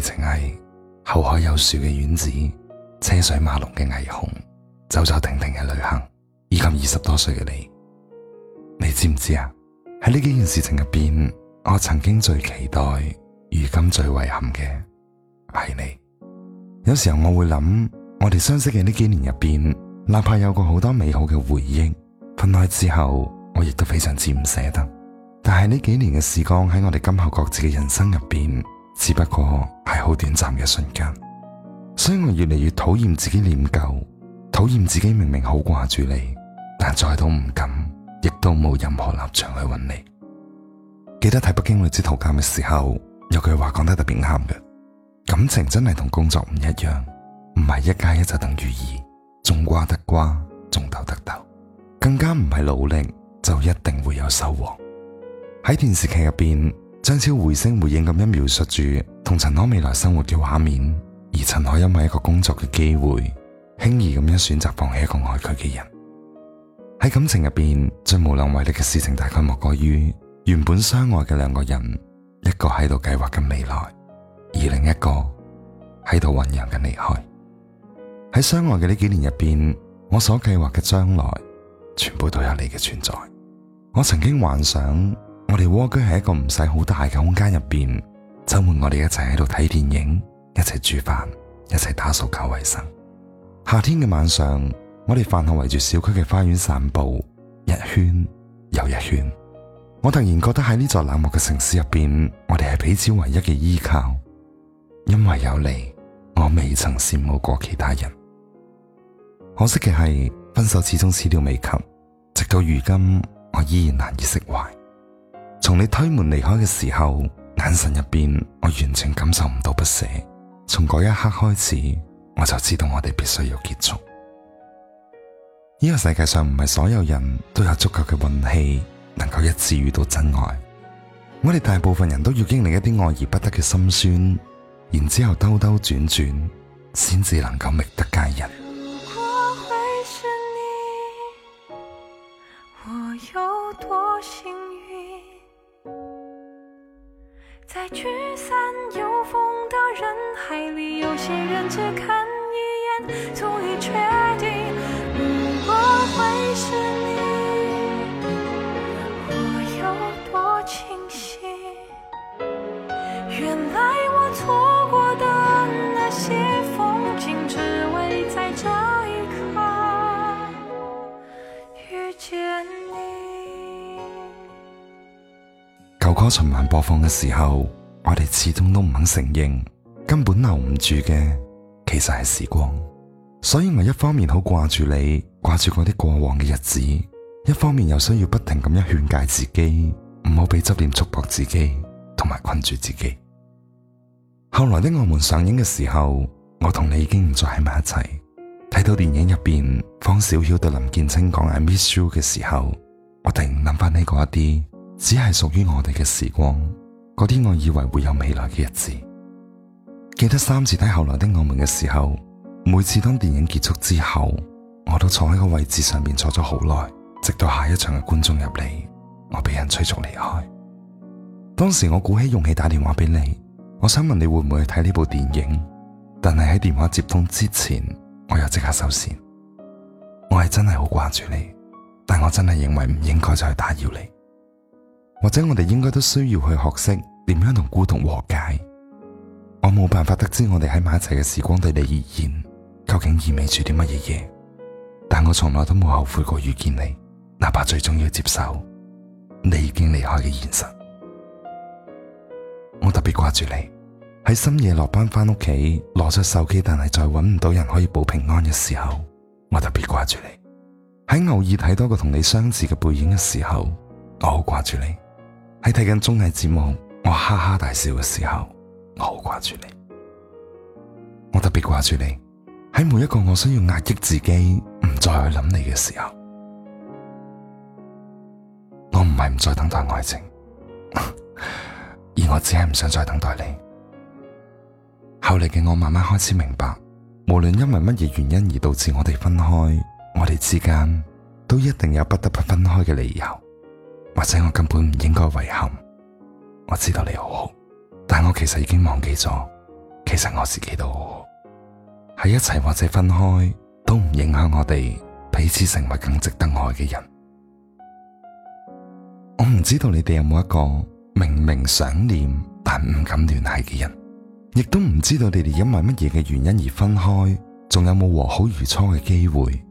情繫後海有樹嘅院子，車水馬龍嘅霓虹，走走停停嘅旅行，以及二十多歲嘅你，你知唔知啊？喺呢幾件事情入邊，我曾經最期待，如今最遺憾嘅係你。有時候我會諗，我哋相識嘅呢幾年入邊，哪怕有過好多美好嘅回憶，分開之後我亦都非常之唔捨得。但係呢幾年嘅時光喺我哋今後各自嘅人生入邊。只不過係好短暫嘅瞬間，所以我越嚟越討厭自己念舊，討厭自己明明好掛住你，但再都唔敢，亦都冇任何立場去揾你。記得睇《北京女子圖鑒》嘅時候，有句話講得特別啱嘅，感情真係同工作唔一樣，唔係一加一就等於二，種瓜得瓜，種豆得豆，更加唔係努力就一定會有收穫。喺電視劇入邊。張超回聲回應咁樣描述住同陳可未來生活嘅畫面，而陳可因為一個工作嘅機會，輕易咁樣選擇放棄一個愛佢嘅人。喺感情入邊最無能為力嘅事情，大概莫過於原本相愛嘅兩個人，一個喺度計劃緊未來，而另一個喺度醞釀緊離開。喺相愛嘅呢幾年入邊，我所計劃嘅將來，全部都有你嘅存在。我曾經幻想。我哋蝸居喺一個唔使好大嘅空間入邊，周末我哋一齊喺度睇電影，一齊煮飯，一齊打掃搞衛生。夏天嘅晚上，我哋飯後圍住小區嘅花園散步，一圈又一圈。我突然覺得喺呢座冷漠嘅城市入邊，我哋係彼此唯一嘅依靠。因為有你，我未曾羨慕過其他人。可惜嘅係，分手始終始料未及，直到如今，我依然難以釋懷。從你推門離開嘅時候，眼神入邊，我完全感受唔到不捨。從嗰一刻開始，我就知道我哋必須要結束。呢個世界上唔係所有人都有足夠嘅運氣，能夠一次遇到真愛。我哋大部分人都要經歷一啲愛而不得嘅心酸，然之後兜兜轉轉轉，先至能夠覓得佳人。如果會是你，我有多幸。在聚散有風的人海裏，有些人只看。歌曲循環播放嘅時候，我哋始終都唔肯承認，根本留唔住嘅，其實係時光。所以我一方面好掛住你，掛住嗰啲過往嘅日子，一方面又需要不停咁樣勸誡自己，唔好被執念束縛自己，同埋困住自己。後來的我們上映嘅時候，我同你已經唔再喺埋一齊。睇到電影入邊，方小曉對林建清講 I miss you 嘅時候，我突然諗翻起嗰一啲。只係屬於我哋嘅時光，嗰啲我以為會有未來嘅日子。記得三次睇《後來的我們》嘅時候，每次當電影結束之後，我都坐喺個位置上面坐咗好耐，直到下一場嘅觀眾入嚟，我被人催促離開。當時我鼓起勇氣打電話俾你，我想問你會唔會去睇呢部電影，但係喺電話接通之前，我又即刻收線。我係真係好掛住你，但我真係認為唔應該再打擾你。或者我哋應該都需要去學識點樣同孤獨和解。我冇辦法得知我哋喺埋一齊嘅時光對你而言究竟意味住啲乜嘢嘢，但我從來都冇後悔過遇見你，哪怕最終要接受你已經離開嘅現實。我特別掛住你，喺深夜落班返屋企攞出手機，但係再搵唔到人可以報平安嘅時候，我特別掛住你。喺偶爾睇多個同你相似嘅背影嘅時候，我好掛住你。喺睇緊綜藝節目，我哈哈大笑嘅時候，我好掛住你，我特別掛住你。喺每一個我需要壓抑自己，唔再去諗你嘅時候，我唔係唔再等待愛情， 而我只係唔想再等待你。後嚟嘅我慢慢開始明白，無論因為乜嘢原因而導致我哋分開，我哋之間都一定有不得不分開嘅理由。或者我根本唔應該遺憾。我知道你好好，但我其實已經忘記咗，其實我自己都好好。喺一齊或者分開都唔影響我哋彼此成為更值得愛嘅人。我唔知道你哋有冇一個明明想念但唔敢聯繫嘅人，亦都唔知道你哋因為乜嘢嘅原因而分開，仲有冇和好如初嘅機會。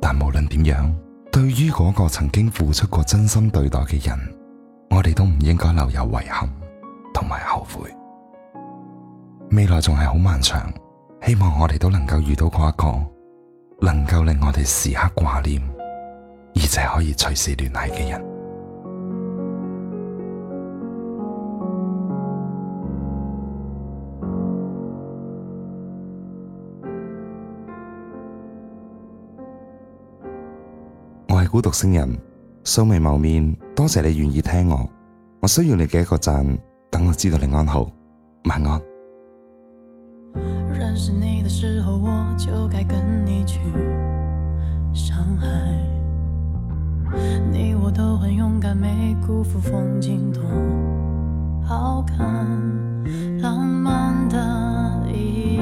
但無論點樣。對於嗰個曾經付出過真心對待嘅人，我哋都唔應該留有遺憾同埋後悔。未來仲係好漫長，希望我哋都能夠遇到嗰一個，能夠令我哋時刻掛念，而且可以隨時聯繫嘅人。孤獨星人，素未謀面，多謝你願意聽我。我需要你嘅一個讚，等我知道你安好，晚安。你我都很勇敢，沒辜負風景。多好看浪漫的一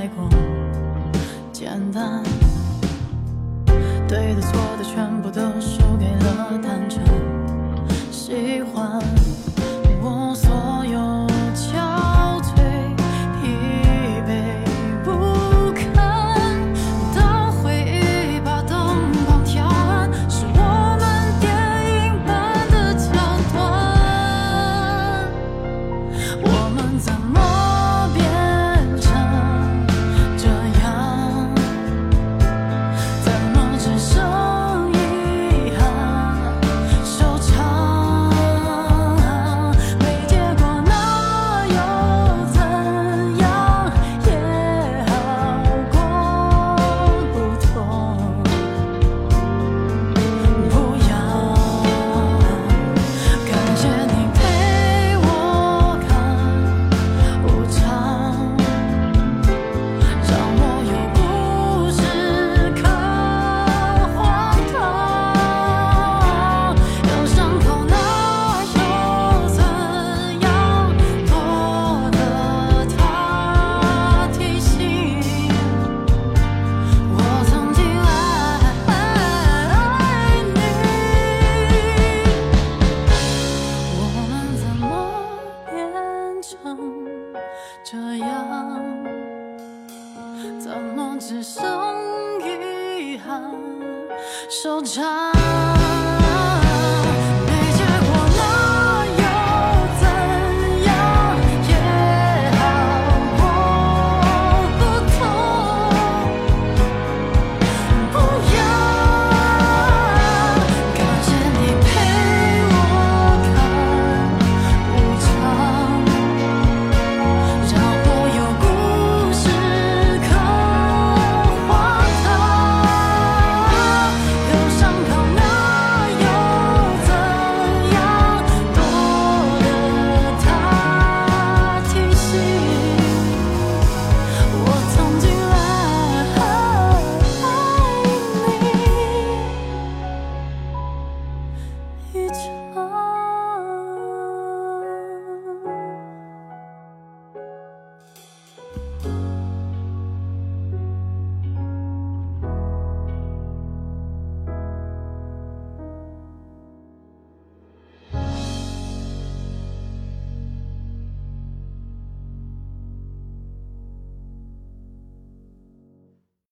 太過簡單，對的錯的全部都輸給了單純喜歡。